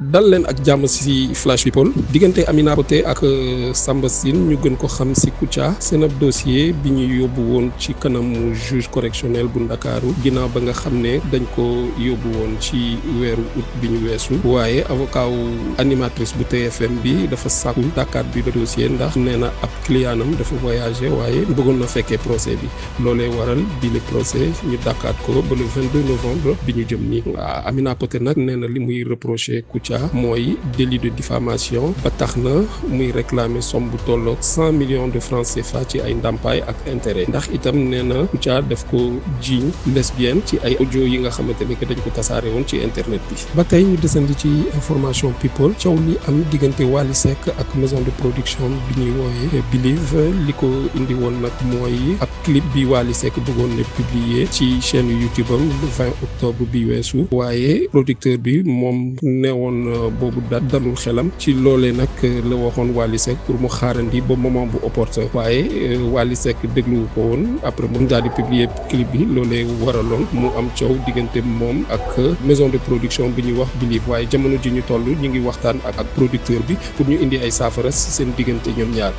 dal leen ak jàmm si flash people digante Amina Poté ak euh, Samba Sine ñu gën ko xam si Kouthia seen ab dossier bi ñu yóbbu woon ci kanamu juge correctionnel bu Ndakaaru ginnaaw ba nga dañ ko yóbbu woon ci weeru août bi ñu waaye avocat animatrice bu TFM bi dafa sàkku tàkkaat bi de dossier ndax nee na ab clientam dafa voyagé waaye bëggoon na fekkee procès bi waral bi le procès ñu dàkkaat ko ba le 22 novembre bi ñu jëm nii Amina Poté nag nee na li muy Moi, moy délit de diffamation ba tax réclame muy réclamer somme bu 100 millions de francs CFA ci ay ndampay ak intérêt ndax itam néna na def ko jiiñ lesbienne ci ay audio yi nga xamanteni ke que dañ ko tasaare won ci internet bi ba tey ñu desandi ci information people coow li am diggante Wally Seck ak maison de production bi ñuy woyé Believe li indi won nak moy ak clip bi Wally Seck bëggoon na publier ci chaîne YouTube le 20 octobre bi wessu wayé producteur bi mom neewoon kon euh, boobu da dalul xelam ci loolee nag euh, la waxoon Wally Seck pour mu xaarandi ba moment bu opportun waaye euh, Wally Seck dégluwu ko woon après mu daal di publier clip bi loolee waraloon mu am coow diggante moom ak maison de production bi ñuy wax Believe waaye jamono ji ñu toll ñu ngi waxtaan ak producteur bi pour ñu indi ay saafara seen diggante ñoom ñaar